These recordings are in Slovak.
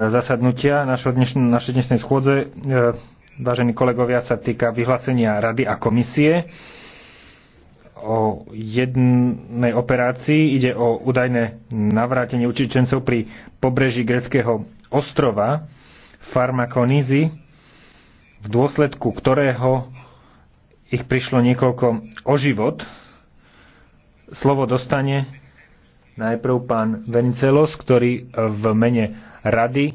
zasadnutia našo dnešn- našej dnešnej schôdze, e, vážení kolegovia, sa týka vyhlásenia Rady a komisie o jednej operácii. Ide o údajné navrátenie učičencov pri pobreží greckého ostrova Farmakonizi, v dôsledku ktorého ich prišlo niekoľko o život. Slovo dostane najprv pán Venicelos, ktorý v mene rady e,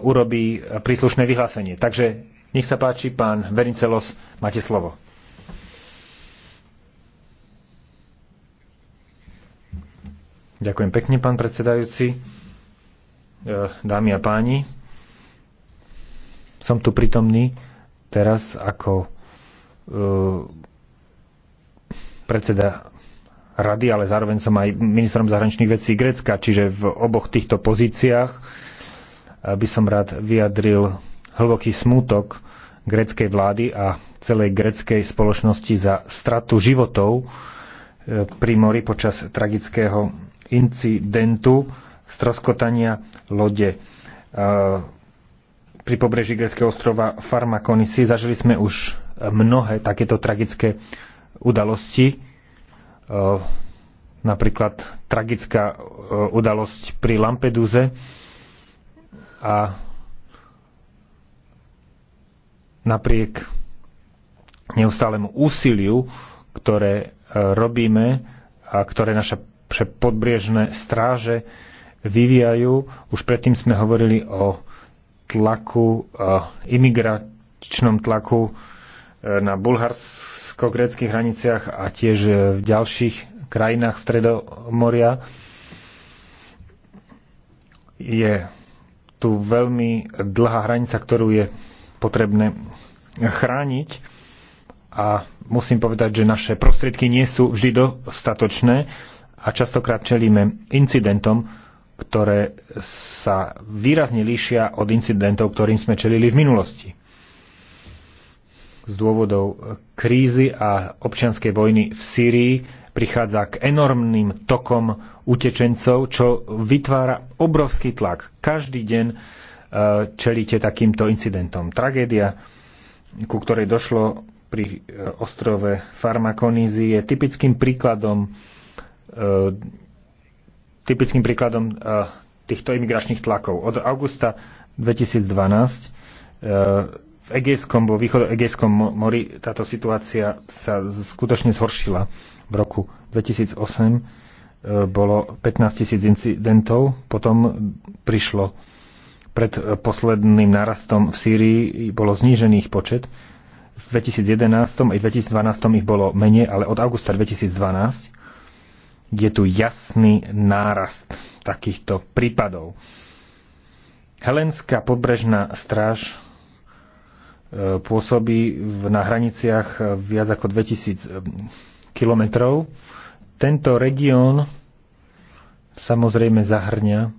urobí príslušné vyhlásenie. Takže nech sa páči, pán Verincelos, máte slovo. Ďakujem pekne, pán predsedajúci. E, dámy a páni, som tu pritomný teraz ako e, predseda rady, ale zároveň som aj ministrom zahraničných vecí Grécka, čiže v oboch týchto pozíciách eh, by som rád vyjadril hlboký smútok gréckej vlády a celej gréckej spoločnosti za stratu životov eh, pri mori počas tragického incidentu stroskotania lode eh, pri pobreží gréckého ostrova Farmakonisi. Zažili sme už mnohé takéto tragické udalosti Eh, napríklad tragická eh, udalosť pri Lampeduze a napriek neustálemu úsiliu, ktoré eh, robíme a ktoré naše podbriežné stráže vyvíjajú, už predtým sme hovorili o tlaku, imigračnom tlaku na Bulharsko turecko-gréckých hraniciach a tiež e, v ďalších krajinách Stredomoria je tu veľmi dlhá hranica, ktorú je potrebné chrániť a musím povedať, že naše prostriedky nie sú vždy dostatočné a častokrát čelíme incidentom, ktoré sa výrazne líšia od incidentov, ktorým sme čelili v minulosti z dôvodov krízy a občianskej vojny v Sýrii prichádza k enormným tokom utečencov, čo vytvára obrovský tlak. Každý deň e, čelíte takýmto incidentom. Tragédia, ku ktorej došlo pri e, ostrove Farmakonízy, je typickým príkladom e, typickým príkladom týchto imigračných tlakov. Od augusta 2012 v Egejskom, vo Egejskom mori táto situácia sa skutočne zhoršila. V roku 2008 e, bolo 15 tisíc incidentov, potom prišlo pred e, posledným narastom v Sýrii bolo znížených počet. V 2011 aj 2012 ich bolo menej, ale od augusta 2012 je tu jasný nárast takýchto prípadov. Helenská pobrežná stráž E, pôsobí na hraniciach viac ako 2000 e, kilometrov. Tento región samozrejme zahrňa e,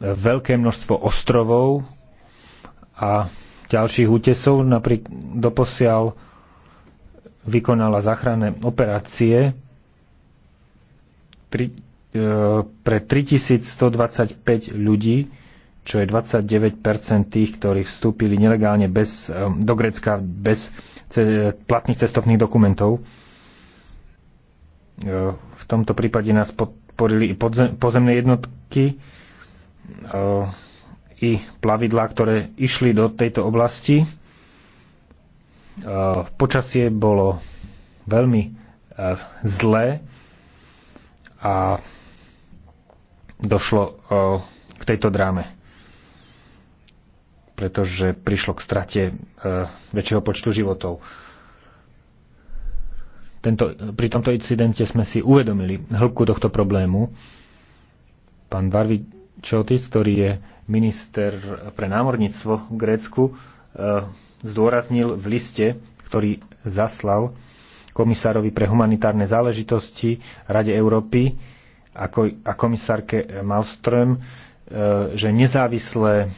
veľké množstvo ostrovov a ďalších útesov. Napriek doposiaľ vykonala záchranné operácie pre 3125 ľudí čo je 29 tých, ktorí vstúpili nelegálne bez, um, do Grecka bez platných cestovných dokumentov. E, v tomto prípade nás podporili i pozemné jednotky, e, i plavidlá, ktoré išli do tejto oblasti. E, počasie bolo veľmi zlé a došlo k tejto dráme pretože prišlo k strate e, väčšieho počtu životov. Tento, pri tomto incidente sme si uvedomili hĺbku tohto problému. Pán Varvi Čotis, ktorý je minister pre námorníctvo v Grécku, e, zdôraznil v liste, ktorý zaslal komisárovi pre humanitárne záležitosti Rade Európy a komisárke Malström, e, že nezávislé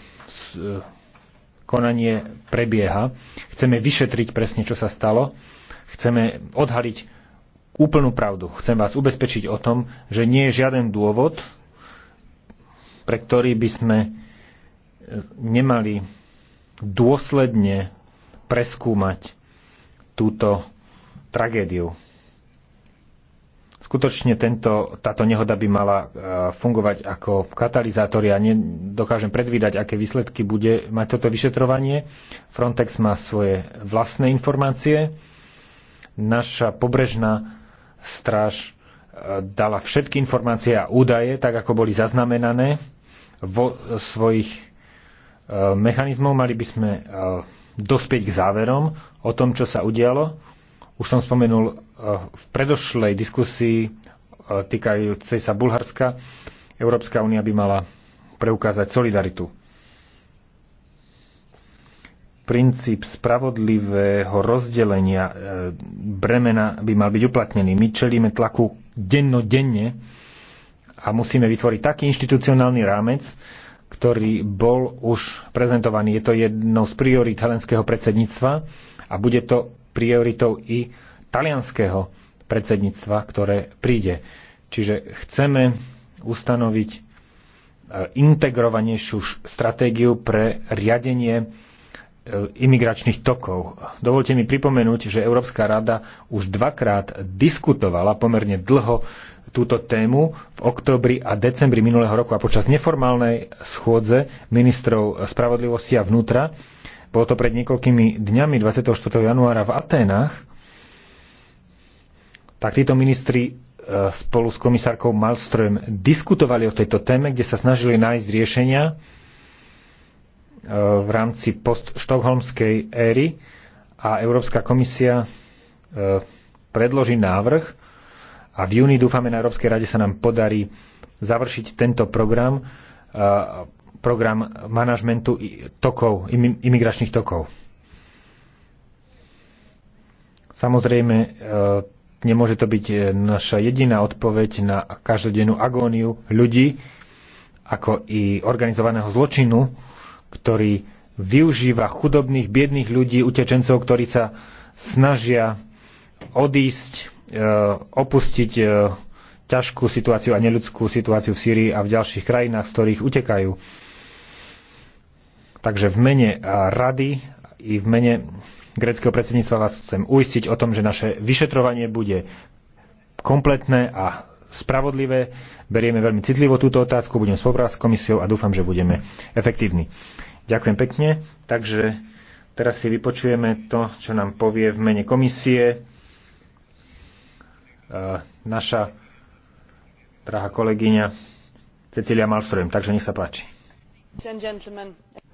konanie prebieha. Chceme vyšetriť presne, čo sa stalo. Chceme odhaliť úplnú pravdu. Chcem vás ubezpečiť o tom, že nie je žiaden dôvod, pre ktorý by sme e, nemali dôsledne preskúmať túto tragédiu. Skutočne tento, táto nehoda by mala e, fungovať ako katalizátor. Ja dokážem predvídať, aké výsledky bude mať toto vyšetrovanie. Frontex má svoje vlastné informácie. Naša pobrežná stráž e, dala všetky informácie a údaje, tak ako boli zaznamenané vo svojich e, mechanizmov. Mali by sme dospieť k záverom o tom, čo sa udialo už som spomenul eh, v predošlej diskusii eh, týkajúcej sa Bulharska, Európska únia by mala preukázať solidaritu. Princíp spravodlivého rozdelenia eh, bremena by mal byť uplatnený. My čelíme tlaku dennodenne a musíme vytvoriť taký inštitucionálny rámec, ktorý bol už prezentovaný. Je to jednou z priorít helenského predsedníctva a bude to prioritou i talianského predsedníctva, ktoré príde. Čiže chceme ustanoviť e, integrovanejšiu stratégiu pre riadenie e, imigračných tokov. Dovolte mi pripomenúť, že Európska rada už dvakrát diskutovala pomerne dlho túto tému v oktobri a decembri minulého roku a počas neformálnej schôdze ministrov spravodlivosti a vnútra bolo to pred niekoľkými dňami 24. januára v Aténach. Tak títo ministri e, spolu s komisárkou Malström diskutovali o tejto téme, kde sa snažili nájsť riešenia e, v rámci postštokholmskej éry a Európska komisia e, predloží návrh a v júni dúfame na Európskej rade sa nám podarí završiť tento program program manažmentu tokov, imigračných tokov. Samozrejme, e, nemôže to byť e, naša jediná odpoveď na každodennú agóniu ľudí, ako i organizovaného zločinu, ktorý využíva chudobných, biedných ľudí, utečencov, ktorí sa snažia odísť, e, opustiť ťažkú situáciu a neľudskú situáciu v Sýrii a v ďalších krajinách, z ktorých utekajú Takže v mene eh, rady i v mene greckého predsedníctva vás chcem uistiť o tom, že naše vyšetrovanie bude kompletné a spravodlivé. Berieme veľmi citlivo túto otázku, budem spolupracovať s komisiou a dúfam, že budeme efektívni. Ďakujem pekne. Takže teraz si vypočujeme to, čo nám povie v mene komisie eh, naša drahá kolegyňa Cecilia Malström. Takže nech sa páči.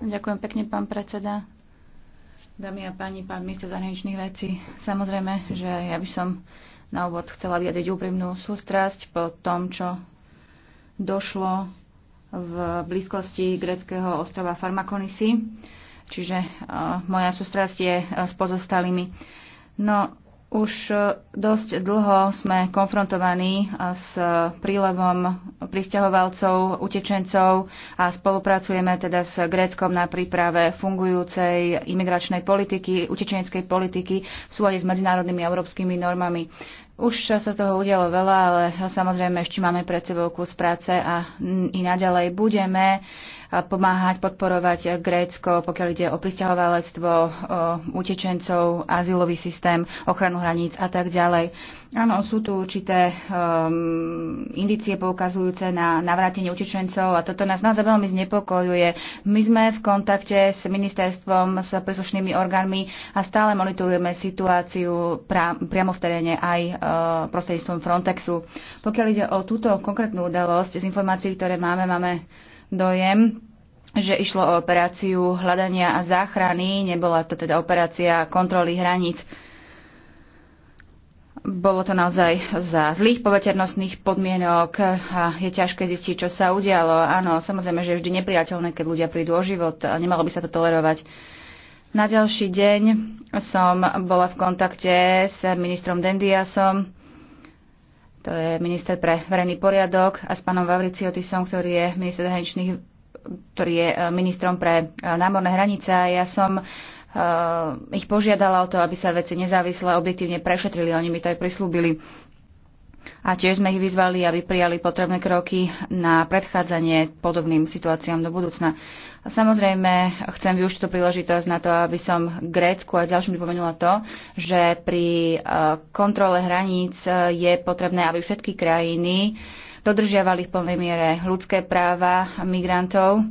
Ďakujem pekne, pán predseda. Dámy a páni, pán minister zahraničných vecí, samozrejme, že ja by som na úvod chcela vyjadriť úprimnú sústrasť po tom, čo došlo v blízkosti greckého ostrova Farmakonisy. Čiže uh, moja sústrasť je uh, s pozostalými. No, už e, dosť dlho sme konfrontovaní e, s prílevom pristahovalcov, utečencov a spolupracujeme teda s Gréckom na príprave fungujúcej imigračnej politiky, utečenskej politiky v súlade s medzinárodnými a európskymi normami. Už sa toho udialo veľa, ale samozrejme ešte máme pred sebou kus práce a i naďalej budeme uh, pomáhať, podporovať Grécko, pokiaľ ide o pristahovalectvo, utečencov, azylový systém, ochranu hraníc a tak ďalej. Áno, sú tu určité um, indicie poukazujúce na navrátenie utečencov a toto nás naozaj veľmi znepokojuje. My sme v kontakte s ministerstvom, s príslušnými orgánmi a stále monitorujeme situáciu pra, priamo v teréne aj uh, prostredníctvom Frontexu. Pokiaľ ide o túto konkrétnu udalosť, z informácií, ktoré máme, máme dojem, že išlo o operáciu hľadania a záchrany, nebola to teda operácia kontroly hraníc. Bolo to naozaj za zlých poveternostných podmienok a je ťažké zistiť, čo sa udialo. Áno, samozrejme, že je vždy nepriateľné, keď ľudia prídu o život a nemalo by sa to tolerovať. Na ďalší deň som bola v kontakte s ministrom Dendiasom, to je minister pre verejný poriadok, a s pánom Vavriciotisom, ktorý je minister zahraničných, ktorý je e, ministrom pre e, námorné hranice. Ja som uh, ich požiadala o to, aby sa veci nezávisle objektívne prešetrili. Oni mi to aj prislúbili. A tiež sme ich vyzvali, aby prijali potrebné kroky na predchádzanie podobným situáciám do budúcna. Samozrejme, chcem využiť tú príležitosť na to, aby som Grécku aj ďalším pripomenula to, že pri e, kontrole hraníc e, je potrebné, aby všetky krajiny dodržiavali v plnej miere ľudské práva migrantov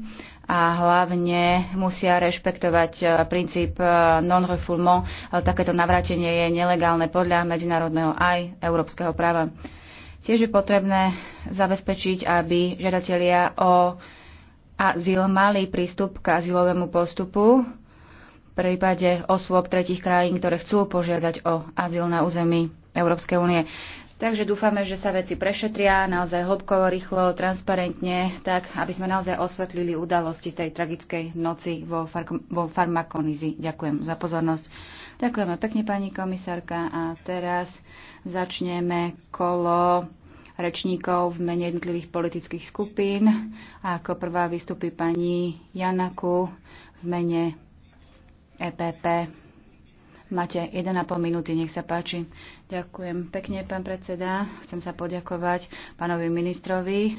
a hlavne musia rešpektovať e, princíp non-refoulement. Takéto navrátenie je nelegálne podľa medzinárodného aj európskeho práva. Tiež je potrebné zabezpečiť, aby žiadatelia o azyl mali prístup k azylovému postupu v prípade osôb tretich krajín, ktoré chcú požiadať o azyl na území Európskej únie. Takže dúfame, že sa veci prešetria naozaj hlbkovo, rýchlo, transparentne, tak aby sme naozaj osvetlili udalosti tej tragickej noci vo, far- vo farmakonizi. Ďakujem za pozornosť. Ďakujeme pekne, pani komisárka. A teraz začneme kolo rečníkov v mene jednotlivých politických skupín. A ako prvá vystupí pani Janaku v mene EPP. Máte 1,5 minúty, nech sa páči. Ďakujem pekne, pán predseda. Chcem sa poďakovať pánovi ministrovi,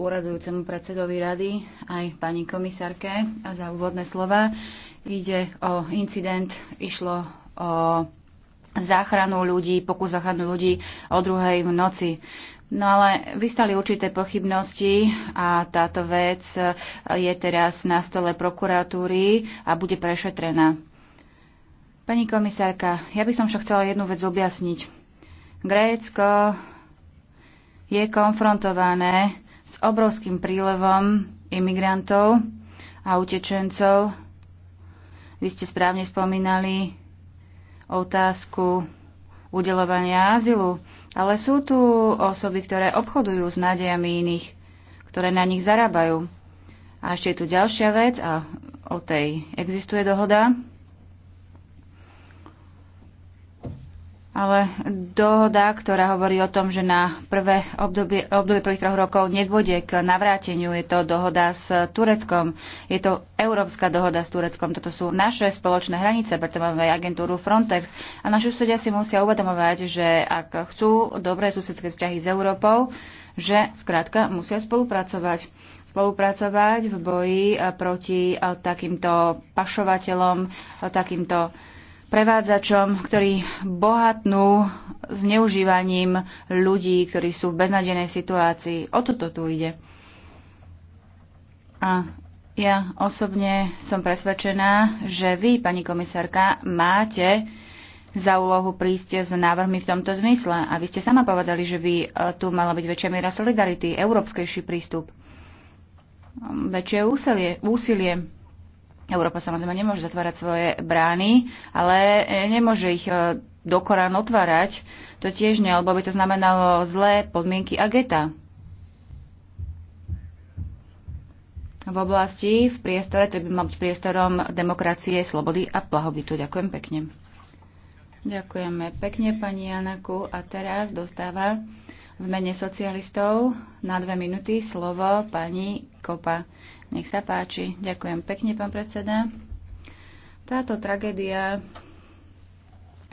úradujúcemu predsedovi rady, aj pani komisárke za úvodné slova. Ide o incident, išlo o záchranu ľudí, pokus záchranu ľudí o druhej v noci. No ale vystali určité pochybnosti a táto vec je teraz na stole prokuratúry a bude prešetrená. Pani komisárka, ja by som však chcela jednu vec objasniť. Grécko je konfrontované s obrovským prílevom imigrantov a utečencov. Vy ste správne spomínali otázku udelovania azylu, ale sú tu osoby, ktoré obchodujú s nádejami iných, ktoré na nich zarábajú. A ešte je tu ďalšia vec a o tej existuje dohoda. Ale dohoda, ktorá hovorí o tom, že na prvé obdobie, obdobie prvých troch rokov nedôjde k navráteniu, je to dohoda s Tureckom, je to európska dohoda s Tureckom, toto sú naše spoločné hranice, preto máme aj agentúru Frontex a naši susedia si musia uvedomovať, že ak chcú dobré susedské vzťahy s Európou, že skrátka musia spolupracovať. Spolupracovať v boji eh, proti eh, takýmto pašovateľom, eh, takýmto prevádzačom, ktorí bohatnú zneužívaním ľudí, ktorí sú v beznadenej situácii. O toto tu ide. A ja osobne som presvedčená, že vy, pani komisárka, máte za úlohu prísť s návrhmi v tomto zmysle. A vy ste sama povedali, že by e, tu mala byť väčšia miera solidarity, európskejší prístup, väčšie úsilie. úsilie. Európa samozrejme nemôže zatvárať svoje brány, ale e, nemôže ich e, do Korán otvárať. To tiež nie, lebo by to znamenalo zlé podmienky a geta. v oblasti, v priestore, treba by mal byť priestorom demokracie, slobody a plahobytu. Ďakujem pekne. Ďakujeme pekne, pani Janaku. A teraz dostáva v mene socialistov na dve minúty slovo pani Kopa. Nech sa páči. Ďakujem pekne, pán predseda. Táto tragédia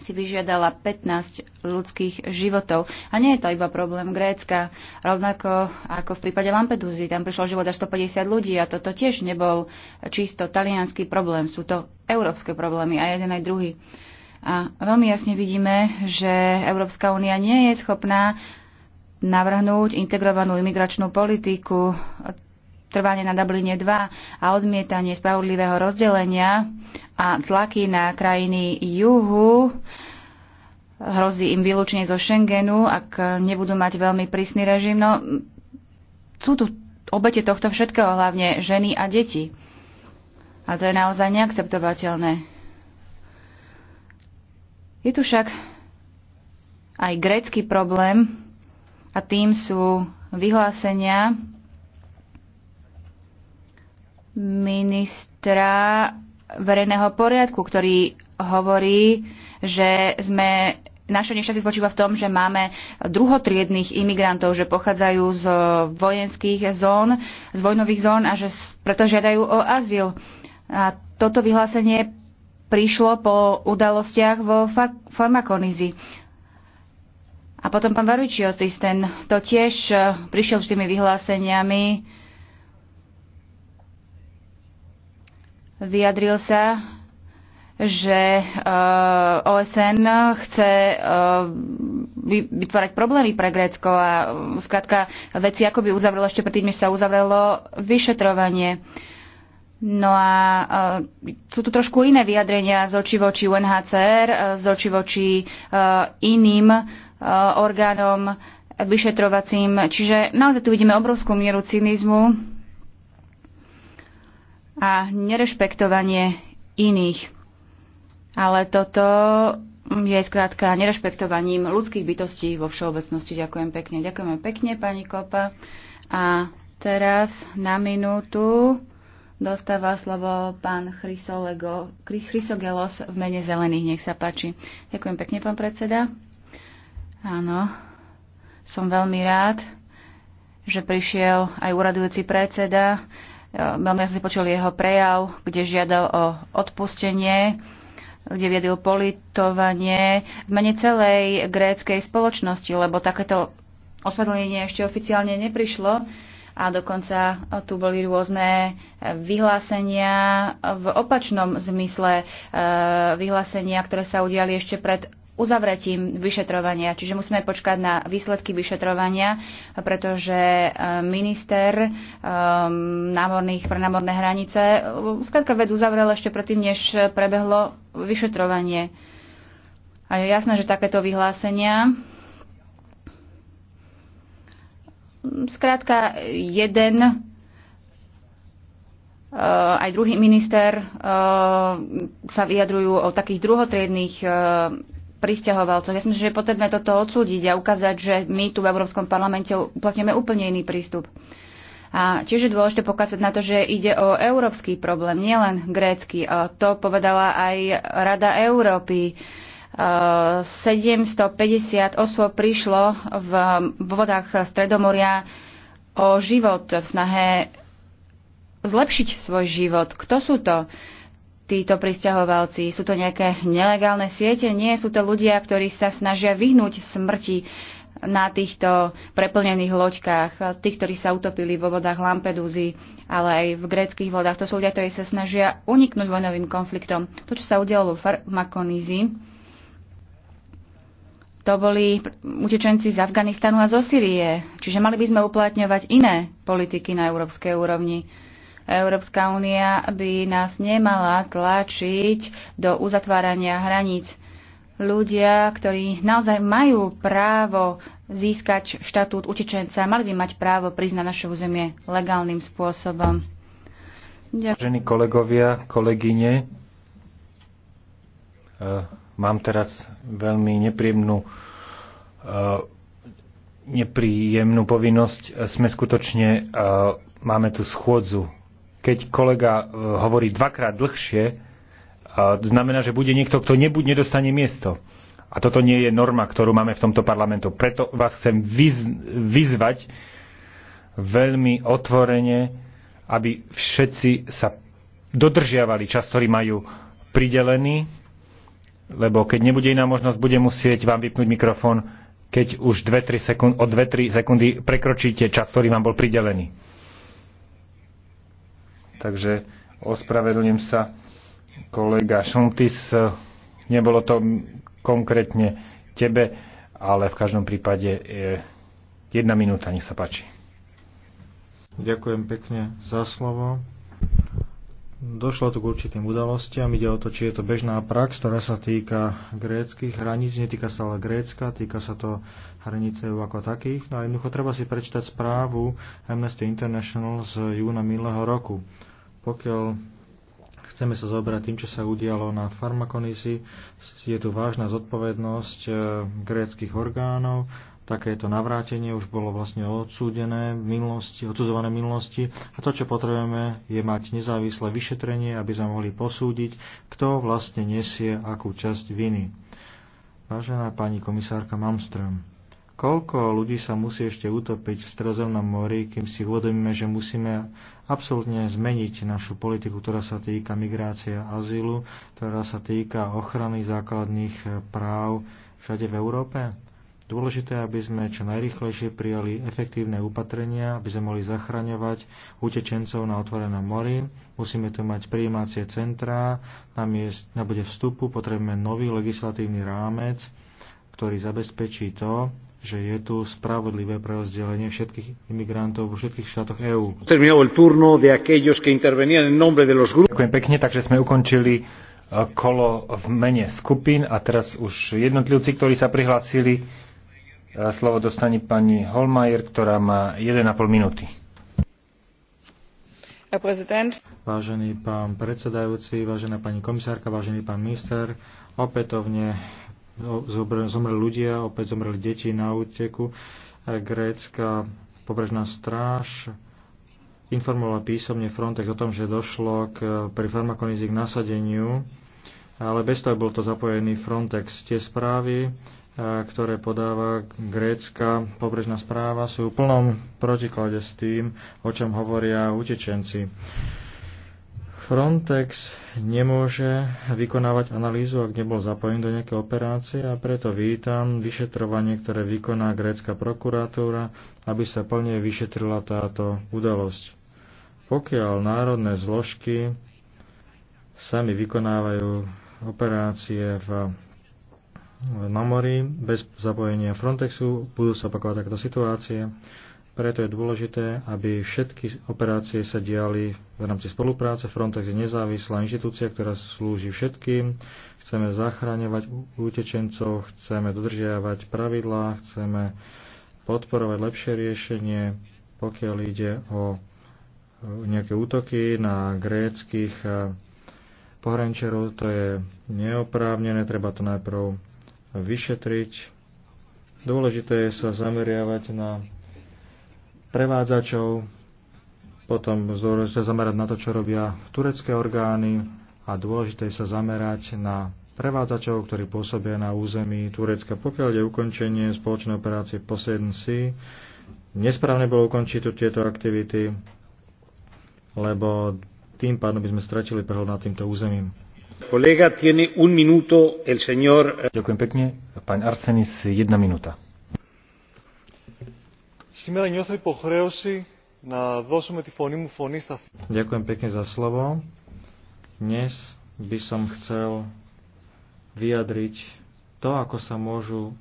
si vyžiadala 15 ľudských životov. A nie je to iba problém Grécka, rovnako ako v prípade Lampedusy. Tam prišlo život až 150 ľudí a toto tiež nebol čisto talianský problém. Sú to európske problémy a jeden aj druhý. A veľmi jasne vidíme, že Európska únia nie je schopná navrhnúť integrovanú imigračnú politiku trvanie na Dubline 2 a odmietanie spravodlivého rozdelenia a tlaky na krajiny juhu hrozí im vylúčenie zo Schengenu, ak nebudú mať veľmi prísny režim. No, sú tu obete tohto všetkého, hlavne ženy a deti. A to je naozaj neakceptovateľné. Je tu však aj grécky problém a tým sú vyhlásenia ministra verejného poriadku, ktorý hovorí, že sme naše nešťastie spočíva v tom, že máme druhotriedných imigrantov, že pochádzajú z vojenských zón, z vojnových zón a že preto žiadajú o azyl. A toto vyhlásenie prišlo po udalostiach vo far- farmakonizi. A potom pán Varvičios, ten to tiež eh, prišiel s tými vyhláseniami, Vyjadril sa, že eh, OSN chce eh, vytvárať problémy pre Grécko a eh, skrátka veci ako by uzavrelo ešte predtým, než sa uzavrelo vyšetrovanie. No a uh, sú tu trošku iné vyjadrenia z očí voči UNHCR, z očí voči uh, iným uh, orgánom vyšetrovacím. Čiže naozaj tu vidíme obrovskú mieru cynizmu a nerešpektovanie iných. Ale toto je skrátka nerešpektovaním ľudských bytostí vo všeobecnosti. Ďakujem pekne. Ďakujeme pekne, pani Kopa. A teraz na minútu dostáva slovo pán Chrysogelos v mene zelených. Nech sa páči. Ďakujem pekne, pán predseda. Áno, som veľmi rád, že prišiel aj uradujúci predseda Ehm, veľmi si počul jeho prejav, kde žiadal o odpustenie, kde viedil politovanie v mene celej gréckej spoločnosti, lebo takéto ospravedlnenie ešte oficiálne neprišlo a dokonca e, tu boli rôzne e, vyhlásenia v opačnom zmysle, e, vyhlásenia, ktoré sa udiali ešte pred uzavretím vyšetrovania. Čiže musíme počkať na výsledky vyšetrovania, pretože e, minister e, námorných pre námorné hranice e, skrátka vec uzavrel ešte predtým, než prebehlo vyšetrovanie. A je jasné, že takéto vyhlásenia Skrátka, jeden aj druhý minister sa vyjadrujú o takých druhotriedných pristahovalcov. Ja si myslím, že je potrebné toto odsúdiť a ukázať, že my tu v Európskom parlamente uplatňujeme úplne iný prístup. A tiež je dôležité pokázať na to, že ide o európsky problém, nielen grécky. A to povedala aj Rada Európy. 750 osôb prišlo v vodách Stredomoria o život v snahe zlepšiť svoj život. Kto sú to? títo pristahovalci? Sú to nejaké nelegálne siete? Nie, sú to ľudia, ktorí sa snažia vyhnúť smrti na týchto preplnených loďkách, tých, ktorí sa utopili vo vodách Lampedúzy, ale aj v gréckých vodách. To sú ľudia, ktorí sa snažia uniknúť vojnovým konfliktom. To, čo sa udialo vo Farmakonizi, to boli utečenci z Afganistanu a zo Syrie. Čiže mali by sme uplatňovať iné politiky na európskej úrovni. Európska únia by nás nemala tlačiť do uzatvárania hraníc. Ľudia, ktorí naozaj majú právo získať štatút utečenca, mali by mať právo priznať naše územie legálnym spôsobom. Ďakujem. Ženy kolegovia, kolegyne, eh, mám teraz veľmi nepríjemnú eh, nepríjemnú povinnosť. Sme skutočne, eh, máme tu schôdzu keď kolega e, hovorí dvakrát dlhšie, e, znamená, že bude niekto, kto nebuď nedostane miesto. A toto nie je norma, ktorú máme v tomto parlamentu. Preto vás chcem vyz- vyzvať veľmi otvorene, aby všetci sa dodržiavali čas, ktorý majú pridelený, lebo keď nebude iná možnosť, bude musieť vám vypnúť mikrofón, keď už 2, sekund, o 2-3 sekundy prekročíte čas, ktorý vám bol pridelený. Takže ospravedlňujem sa kolega Šuntis, nebolo to konkrétne tebe, ale v každom prípade eh, jedna minúta, nech sa páči. Ďakujem pekne za slovo. Došlo tu k určitým udalostiam. Ide o to, či je to bežná prax, ktorá sa týka gréckých hraníc. Netýka sa ale Grécka, týka sa to hranice ako takých. No a jednoducho treba si prečítať správu Amnesty International z júna minulého roku. Pokiaľ chceme sa zobrať tým, čo sa udialo na farmakonisi, je tu vážna zodpovednosť e, gréckých orgánov, takéto navrátenie už bolo vlastne odsúdené v minulosti, odsudzované v minulosti a to, čo potrebujeme, je mať nezávislé vyšetrenie, aby sme mohli posúdiť, kto vlastne nesie akú časť viny. Vážená pani komisárka Malmström, Koľko ľudí sa musí ešte utopiť v Stredozemnom mori, kým si uvedomíme, že musíme absolútne zmeniť našu politiku, ktorá sa týka migrácie a azylu, ktorá sa týka ochrany základných práv všade v Európe? Dôležité, aby sme čo najrychlejšie prijali efektívne opatrenia, aby sme mohli zachraňovať utečencov na otvorenom mori. Musíme tu mať prijímacie centrá, na, miest, na bude vstupu potrebujeme nový legislatívny rámec, ktorý zabezpečí to, že je tu spravodlivé prerozdelenie všetkých imigrantov vo všetkých štátoch EÚ. Ďakujem pekne, takže sme ukončili e, kolo v mene skupín a teraz už jednotlivci, ktorí sa prihlásili, e, slovo dostane pani Holmajer, ktorá má 1,5 minúty. Vážený pán predsedajúci, vážená pani komisárka, vážený pán minister, opätovne No, zomreli ľudia, opäť zomreli deti na úteku. Grécka pobrežná stráž informovala písomne Frontex o tom, že došlo k, pri farmakonizí k nasadeniu, ale bez toho bol to zapojený Frontex. Tie správy, ktoré podáva grécka pobrežná správa, sú v plnom protiklade s tým, o čom hovoria utečenci. Frontex nemôže vykonávať analýzu, ak nebol zapojený do nejaké operácie a preto vítam vyšetrovanie, ktoré vykoná grécka prokuratúra, aby sa plne vyšetrila táto udalosť. Pokiaľ národné zložky sami vykonávajú operácie v na mori bez zapojenia Frontexu budú sa opakovať takéto situácie. Preto je dôležité, aby všetky operácie sa diali v rámci spolupráce. Frontex je nezávislá inštitúcia, ktorá slúži všetkým. Chceme zachráňovať utečencov, chceme dodržiavať pravidlá, chceme podporovať lepšie riešenie, pokiaľ ide o nejaké útoky na gréckých eh, pohrančerov. To je neoprávnené, treba to najprv vyšetriť. Dôležité je sa zameriavať na prevádzačov, potom dôležité zamerať na to, čo robia turecké orgány a dôležité sa zamerať na prevádzačov, ktorí pôsobia na území Turecka. Pokiaľ je ukončenie spoločnej operácie Poseidon Sea, nesprávne bolo ukončiť tieto aktivity, lebo tým pádom by sme stratili prehľad nad týmto územím. Kolega, tiene un minuto el señor... Eh. Ďakujem pekne. Pán Arsenis, jedna minúta. Ďakujem pekne za slovo. Dnes by som chcel vyjadriť to, ako sa môžu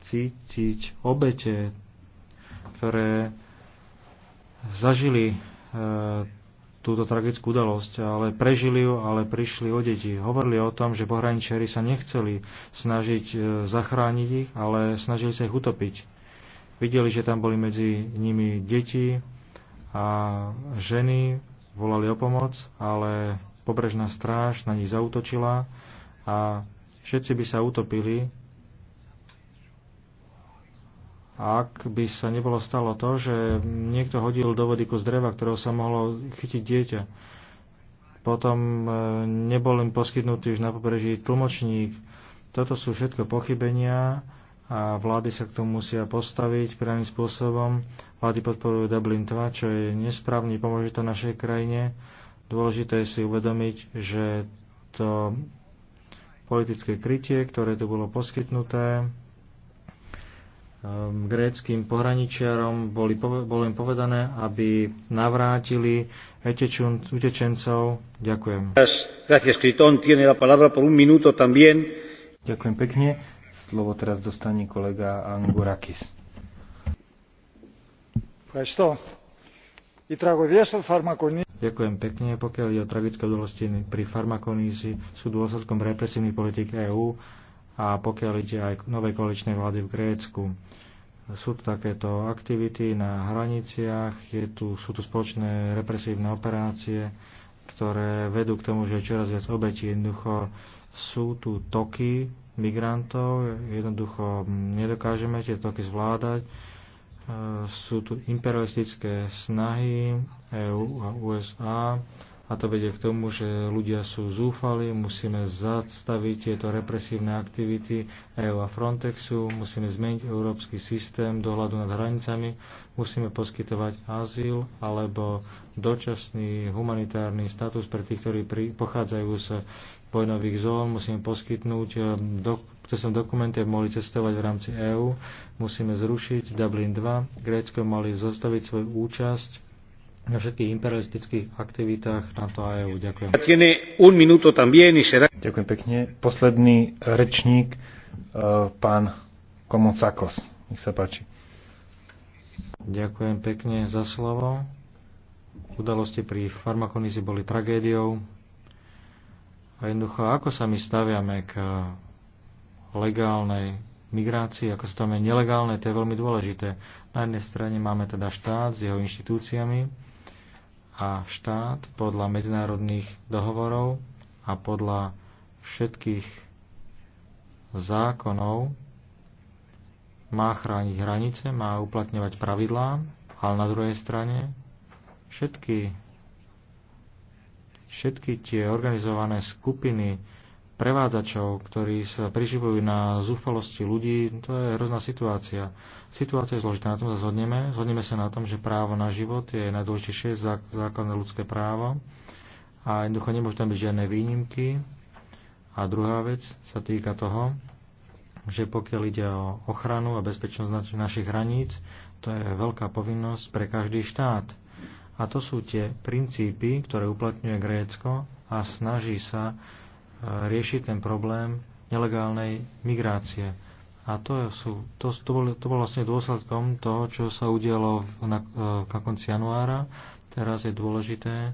cítiť obete, ktoré zažili e, túto tragickú udalosť, ale prežili ju, ale prišli o deti. Hovorili o tom, že pohraničiari sa nechceli snažiť e, zachrániť ich, ale snažili sa ich utopiť. Videli, že tam boli medzi nimi deti a ženy, volali o pomoc, ale pobrežná stráž na nich zautočila a všetci by sa utopili, ak by sa nebolo stalo to, že niekto hodil do vody kus dreva, ktorého sa mohlo chytiť dieťa. Potom e, nebol im poskytnutý už na pobreží tlmočník. Toto sú všetko pochybenia a vlády sa k tomu musia postaviť priamým spôsobom. Vlády podporujú Dublin 2, čo je nesprávne, pomôže to našej krajine. Dôležité je si uvedomiť, že to politické krytie, ktoré tu bolo poskytnuté ehm, gréckým pohraničiarom, boli, bolo im povedané, aby navrátili etečun, utečencov. Ďakujem. Ďakujem pekne. Slovo teraz dostane kolega Angurakis. Ďakujem pekne. Pokiaľ ide o tragické udalosti pri farmakonízi, sú dôsledkom represívnych politik EÚ a pokiaľ ide aj novej koaličnej vlády v Grécku sú tu takéto aktivity na hraniciach, je tu, sú tu spoločné represívne operácie ktoré vedú k tomu, že je čoraz viac obetí. Jednoducho sú tu toky migrantov, jednoducho mm, nedokážeme tie toky zvládať. E, sú tu imperialistické snahy EU a USA a to vedie k tomu, že ľudia sú zúfali, musíme zastaviť tieto represívne aktivity EU a Frontexu, musíme zmeniť európsky systém dohľadu nad hranicami, musíme poskytovať azyl alebo dočasný humanitárny status pre tých, ktorí pri, pochádzajú z vojnových zón, musíme poskytnúť do, to som dokumenty, aby mohli cestovať v rámci EÚ, musíme zrušiť Dublin 2, Grécko mali zostaviť svoju účasť na všetkých imperialistických aktivitách to a EU. Ďakujem. Ďakujem pekne. Posledný rečník, e, pán Komocakos. Nech sa páči. Ďakujem pekne za slovo. Udalosti pri farmakonizi boli tragédiou. A jednoducho, ako sa my staviame k legálnej migrácii, ako sa staviame nelegálne, to je veľmi dôležité. Na jednej strane máme teda štát s jeho inštitúciami, a štát podľa medzinárodných dohovorov a podľa všetkých zákonov má chrániť hranice, má uplatňovať pravidlá, ale na druhej strane všetky, všetky tie organizované skupiny prevádzačov, ktorí sa priživujú na zúfalosti ľudí, to je hrozná situácia. Situácia je zložitá, na tom sa zhodneme. Zhodneme sa na tom, že právo na život je najdôležitejšie základné ľudské právo a jednoducho nemôžu tam byť žiadne výnimky. A druhá vec sa týka toho, že pokiaľ ide o ochranu a bezpečnosť našich hraníc, to je veľká povinnosť pre každý štát. A to sú tie princípy, ktoré uplatňuje Grécko a snaží sa riešiť ten problém nelegálnej migrácie. A to, sú, to, to, bol, to bol vlastne dôsledkom toho, čo sa udialo na, e, na konci januára. Teraz je dôležité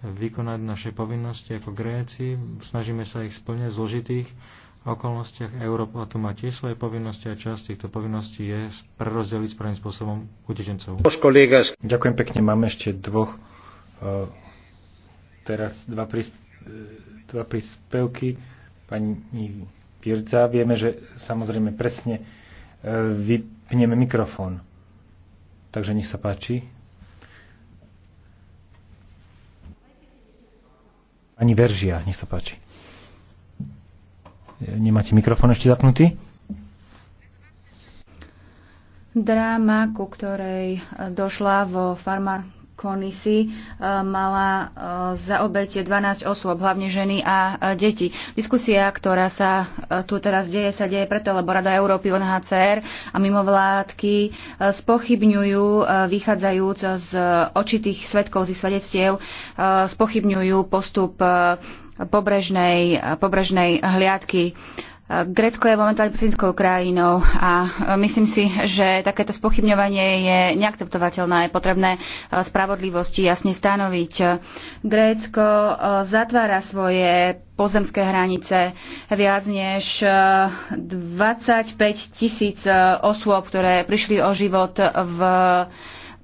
vykonať naše povinnosti ako Gréci. Snažíme sa ich splňať v zložitých okolnostiach. Európa tu má tiež svoje povinnosti a časť týchto povinností je prerozdeliť správnym spôsobom utečencov. Ďakujem pekne. Máme ešte dvoch. E, teraz dva príspevky E, dva príspevky pani Pirca. Vieme, že samozrejme presne e, vypneme mikrofón. Takže nech sa páči. Pani Veržia, nech sa páči. E, nemáte mikrofón ešte zapnutý? Dráma, ku ktorej došla vo farma Konisi eh, mala eh, za obete 12 osôb, hlavne ženy a eh, deti. Diskusia, ktorá sa tu teraz deje, sa deje preto, lebo Rada Európy, UNHCR a mimovládky spochybňujú, vychádzajúc z očitých svetkov, z svedectiev, spochybňujú postup pobrežnej, pobrežnej hliadky. Grécko je momentálne putinskou krajinou a e, myslím si, že takéto spochybňovanie je neakceptovateľné. Je potrebné e, spravodlivosti jasne stanoviť. Grécko e, zatvára svoje pozemské hranice. Viac než 25 tisíc osôb, ktoré prišli o život v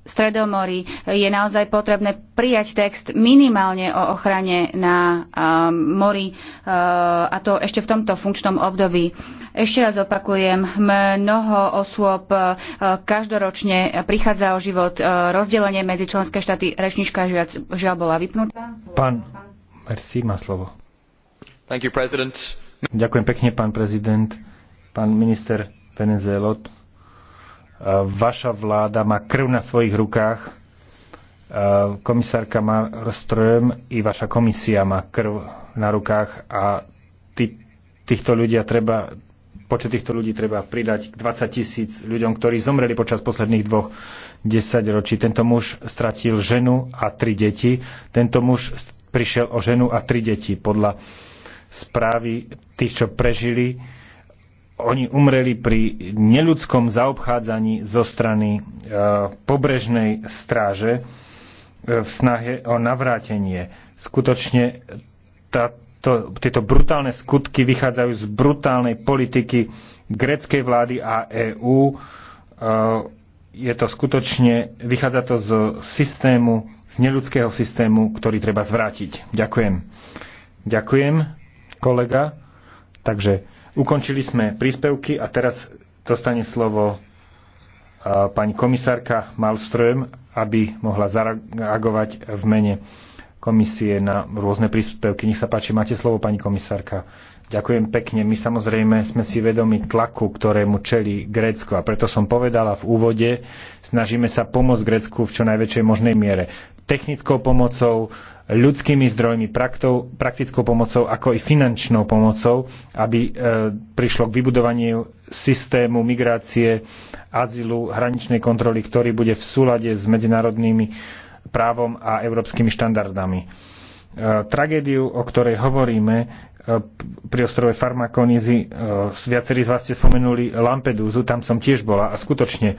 Stredomorí je naozaj potrebné prijať text minimálne o ochrane na mori a to ešte v tomto funkčnom období. Ešte raz opakujem, mnoho osôb každoročne prichádza o život. Rozdelenie medzi členské štáty rečnička žiaľ bola vypnutá. Pán, merci, má slovo. You, Ďakujem pekne, pán prezident, pán minister Venezuelot Eh, vaša vláda má krv na svojich rukách, eh, komisárka Ström i vaša komisia má krv na rukách a ty, týchto ľudia treba, počet týchto ľudí treba pridať k 20 tisíc ľuďom, ktorí zomreli počas posledných dvoch desaťročí. Tento muž stratil ženu a tri deti. Tento muž prišiel o ženu a tri deti. Podľa správy tých, čo prežili, oni umreli pri neľudskom zaobchádzaní zo strany e, pobrežnej stráže e, v snahe o navrátenie. Skutočne táto, tieto brutálne skutky vychádzajú z brutálnej politiky greckej vlády a EÚ. E, je to skutočne, vychádza to z systému, z neľudského systému, ktorý treba zvrátiť. Ďakujem. Ďakujem, kolega. Takže Ukončili sme príspevky a teraz dostane slovo pani komisárka Malström, aby mohla zareagovať v mene komisie na rôzne príspevky. Nech sa páči, máte slovo, pani komisárka. Ďakujem pekne. My samozrejme sme si vedomi tlaku, ktorému čelí Grécko a preto som povedala v úvode, snažíme sa pomôcť Grécku v čo najväčšej možnej miere. Technickou pomocou, ľudskými zdrojmi, praktou, praktickou pomocou, ako i finančnou pomocou, aby e, prišlo k vybudovaniu systému migrácie, azylu, hraničnej kontroly, ktorý bude v súlade s medzinárodnými právom a európskymi štandardami. E, tragédiu, o ktorej hovoríme, e, pri ostrove Farmakonizy, e, viacerí z vás ste spomenuli Lampedúzu, tam som tiež bola a skutočne e,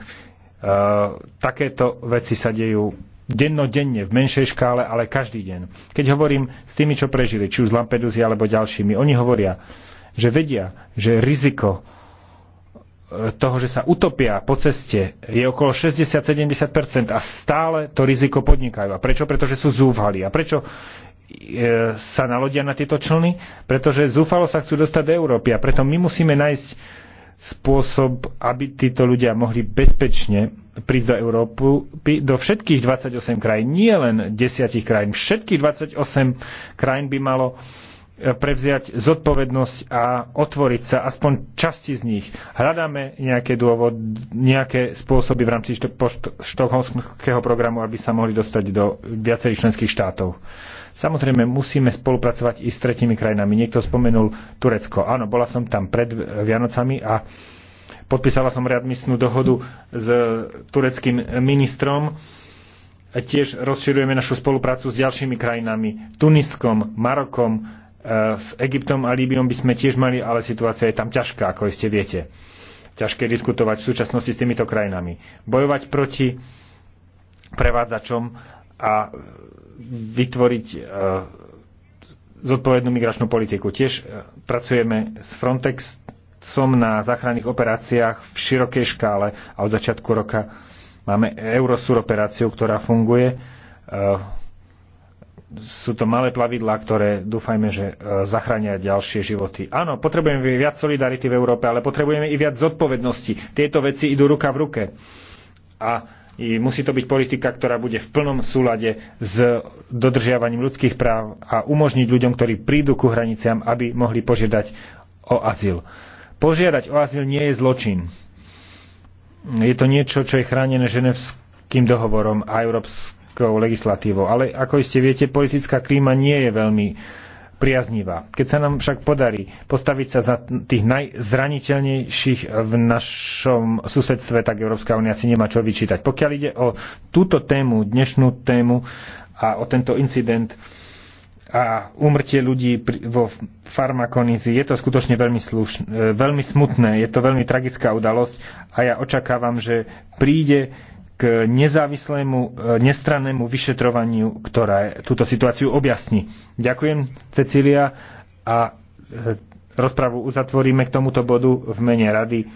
takéto veci sa dejú dennodenne, v menšej škále, ale každý deň. Keď hovorím s tými, čo prežili, či už z Lampedusy alebo ďalšími, oni hovoria, že vedia, že riziko e, toho, že sa utopia po ceste, je okolo 60-70% a stále to riziko podnikajú. A prečo? Pretože sú zúfali. A prečo e, sa nalodia na tieto člny? Pretože zúfalo sa chcú dostať do Európy a preto my musíme nájsť spôsob, aby títo ľudia mohli bezpečne prísť do Európy, do všetkých 28 krajín, nie len 10 krajín. Všetkých 28 krajín by malo e, prevziať zodpovednosť a otvoriť sa aspoň časti z nich. Hľadáme nejaké dôvod, nejaké spôsoby v rámci štokholmského programu, aby sa mohli dostať do viacerých členských štátov. Samozrejme, musíme spolupracovať i s tretimi krajinami. Niekto spomenul Turecko. Áno, bola som tam pred Vianocami a podpísala som readmisnú dohodu s tureckým ministrom. Tiež rozširujeme našu spoluprácu s ďalšími krajinami. Tuniskom, Marokom, e, s Egyptom a Líbiom by sme tiež mali, ale situácia je tam ťažká, ako ste viete. Ťažké diskutovať v súčasnosti s týmito krajinami. Bojovať proti prevádzačom a vytvoriť e, zodpovednú migračnú politiku. Tiež e, pracujeme s Frontexom na záchranných operáciách v širokej škále a od začiatku roka máme Eurosur operáciu, ktorá funguje. E, sú to malé plavidlá, ktoré dúfajme, že zachránia ďalšie životy. Áno, potrebujeme viac solidarity v Európe, ale potrebujeme i viac zodpovednosti. Tieto veci idú ruka v ruke. A i musí to byť politika, ktorá bude v plnom súlade s dodržiavaním ľudských práv a umožniť ľuďom, ktorí prídu ku hraniciam, aby mohli požiadať o azyl. Požiadať o azyl nie je zločin. Je to niečo, čo je chránené ženevským dohovorom a európskou legislatívou. Ale ako iste viete, politická klíma nie je veľmi priaznivá. Keď sa nám však podarí postaviť sa za tých najzraniteľnejších v našom susedstve, tak Európska únia si nemá čo vyčítať. Pokiaľ ide o túto tému, dnešnú tému a o tento incident a úmrtie ľudí vo farmakonizi, je to skutočne veľmi, slušn- e, veľmi smutné, je to veľmi tragická udalosť a ja očakávam, že príde k nezávislému, e, nestrannému vyšetrovaniu, ktoré túto situáciu objasní. Ďakujem, Cecília, a e, rozpravu uzatvoríme k tomuto bodu v mene rady.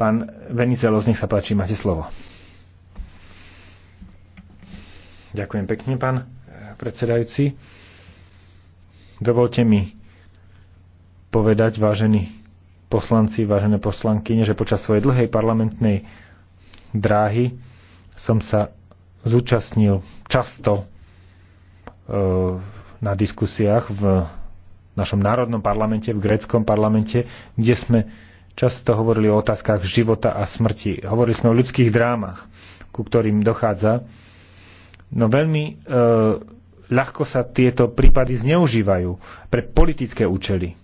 Pán Venizelos, nech sa páči, máte slovo. Ďakujem pekne, pán e, predsedajúci. Dovolte mi povedať, vážení poslanci, vážené poslankyne, že počas svojej dlhej parlamentnej dráhy som sa zúčastnil často e, na diskusiách v našom národnom parlamente, v gréckom parlamente, kde sme často hovorili o otázkach života a smrti. Hovorili sme o ľudských drámach, ku ktorým dochádza. No veľmi e, ľahko sa tieto prípady zneužívajú pre politické účely.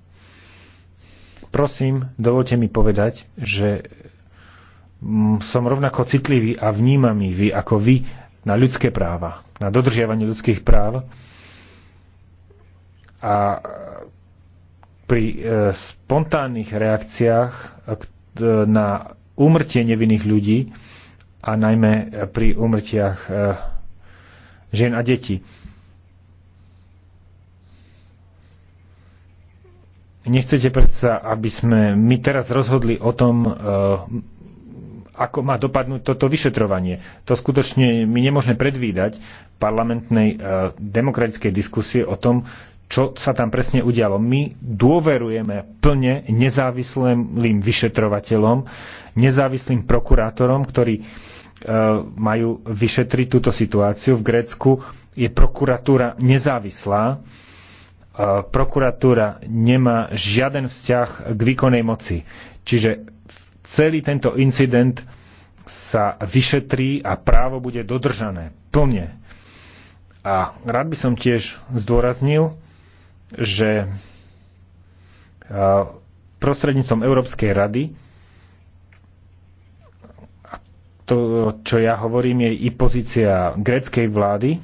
Prosím, dovolte mi povedať, že Mm, som rovnako citlivý a vnímam ich vy ako vy na ľudské práva, na dodržiavanie ľudských práv a pri e, spontánnych reakciách e, e, na úmrtie nevinných ľudí a najmä e, pri úmrtiach e, žien a detí. Nechcete predsa, aby sme my teraz rozhodli o tom, e, ako má dopadnúť toto vyšetrovanie. To skutočne my nemôžeme predvídať parlamentnej e, demokratickej diskusie o tom, čo sa tam presne udialo. My dôverujeme plne nezávislým vyšetrovateľom, nezávislým prokurátorom, ktorí e, majú vyšetriť túto situáciu. V Grécku je prokuratúra nezávislá. E, prokuratúra nemá žiaden vzťah k výkonnej moci. Čiže celý tento incident sa vyšetrí a právo bude dodržané plne. A rád by som tiež zdôraznil, že prostredníctvom Európskej rady, a to, čo ja hovorím, je i pozícia gréckej vlády,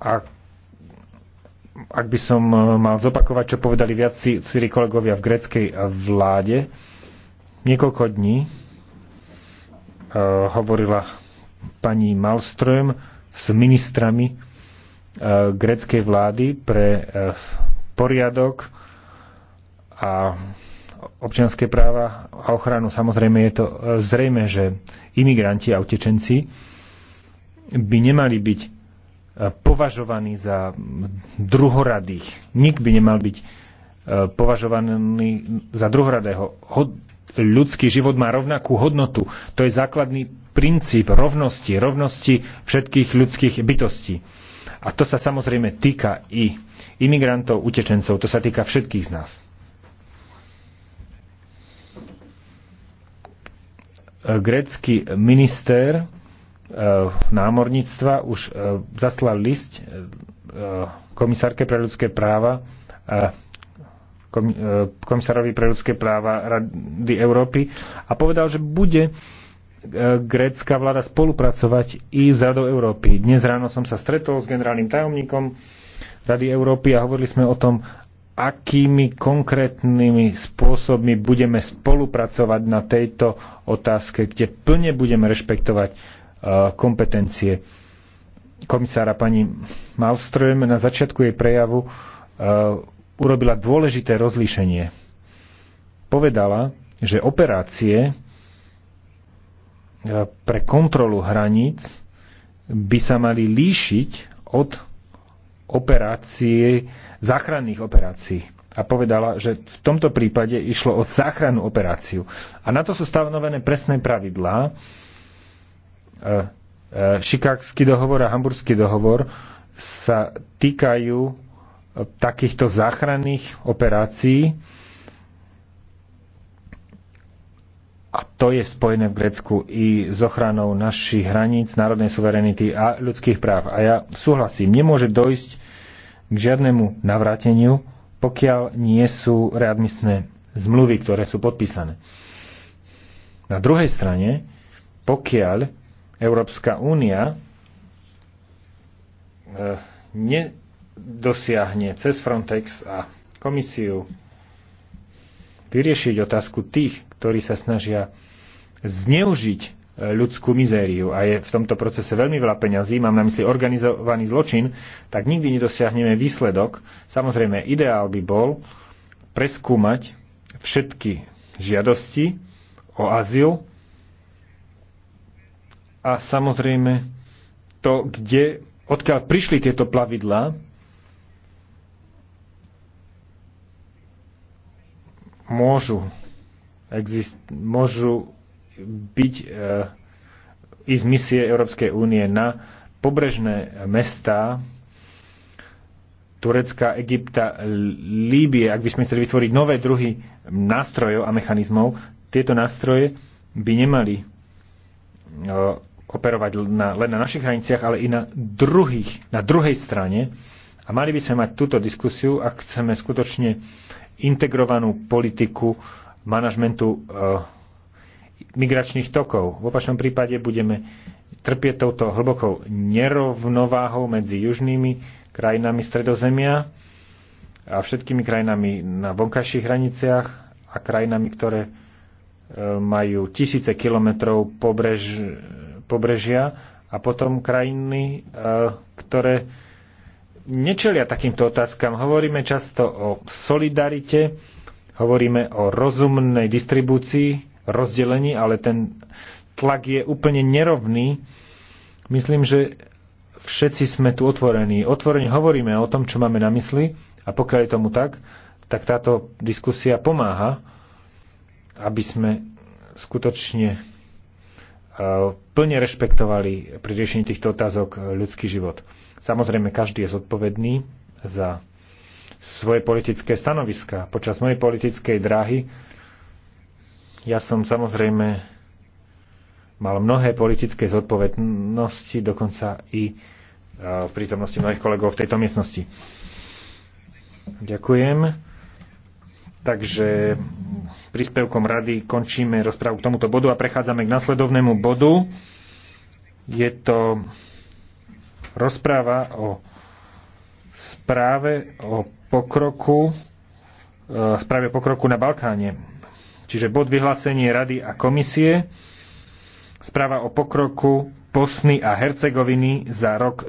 a ak by som e, mal zopakovať, čo povedali círi kolegovia v greckej vláde, niekoľko dní e, hovorila pani Malström s ministrami e, greckej vlády pre poriadok a občianské práva a ochranu. Samozrejme je to zrejme, že imigranti a utečenci by nemali byť E, považovaný za druhoradých. Nik by nemal byť e, považovaný za druhoradého. Ľudský život má rovnakú hodnotu. To je základný princíp rovnosti, rovnosti všetkých ľudských bytostí. A to sa samozrejme týka i imigrantov, utečencov, to sa týka všetkých z nás. E, grécky minister E, námorníctva už e, zaslal list e, komisárke pre ľudské práva komisárovi pre ľudské práva Rady Európy a povedal, že bude grécka vláda spolupracovať i s Radou Európy. Dnes ráno som sa stretol s generálnym tajomníkom Rady Európy a hovorili sme o tom, akými konkrétnymi spôsobmi budeme spolupracovať na tejto otázke, kde plne budeme rešpektovať kompetencie. Komisára pani Malström na začiatku jej prejavu urobila dôležité rozlíšenie. Povedala, že operácie pre kontrolu hraníc by sa mali líšiť od operácie, záchranných operácií. A povedala, že v tomto prípade išlo o záchrannú operáciu. A na to sú stanovené presné pravidlá, E, e, šikákský dohovor a Hamburský dohovor sa týkajú e, takýchto záchranných operácií a to je spojené v Grécku i s ochranou našich hraníc, národnej suverenity a ľudských práv. A ja súhlasím, nemôže dojsť k žiadnemu navráteniu, pokiaľ nie sú readmisné zmluvy, ktoré sú podpísané. Na druhej strane, pokiaľ Európska únia e, nedosiahne cez Frontex a komisiu vyriešiť otázku tých, ktorí sa snažia zneužiť e, ľudskú mizériu a je v tomto procese veľmi veľa peňazí, mám na mysli organizovaný zločin, tak nikdy nedosiahneme výsledok. Samozrejme, ideál by bol preskúmať všetky žiadosti o azyl a samozrejme to, kde, odkiaľ prišli tieto plavidlá, môžu, exist, môžu byť e, ísť misie Európskej únie na pobrežné mestá Turecka, Egypta, Líbie, ak by sme chceli vytvoriť nové druhy nástrojov a mechanizmov, tieto nástroje by nemali e, operovať na, len na našich hraniciach, ale i na, druhých, na druhej strane. A mali by sme mať túto diskusiu, ak chceme skutočne integrovanú politiku manažmentu e, migračných tokov. V opačnom prípade budeme trpieť touto hlbokou nerovnováhou medzi južnými krajinami Stredozemia a všetkými krajinami na vonkajších hraniciach a krajinami, ktoré eh, majú tisíce kilometrov pobrež, pobrežia a potom krajiny, e, ktoré nečelia takýmto otázkam. Hovoríme často o solidarite, hovoríme o rozumnej distribúcii, rozdelení, ale ten tlak je úplne nerovný. Myslím, že všetci sme tu otvorení. Otvorene hovoríme o tom, čo máme na mysli a pokiaľ je tomu tak, tak táto diskusia pomáha, aby sme skutočne plne rešpektovali pri riešení týchto otázok e, ľudský život. Samozrejme, každý je zodpovedný za svoje politické stanoviska. Počas mojej politickej dráhy ja som samozrejme mal mnohé politické zodpovednosti, dokonca i v e, prítomnosti mnohých kolegov v tejto miestnosti. Ďakujem. Takže príspevkom rady končíme rozprávu k tomuto bodu a prechádzame k nasledovnému bodu. Je to rozpráva o správe o pokroku, eh, správe o pokroku na Balkáne. Čiže bod vyhlásenie rady a komisie, správa o pokroku Bosny a Hercegoviny za rok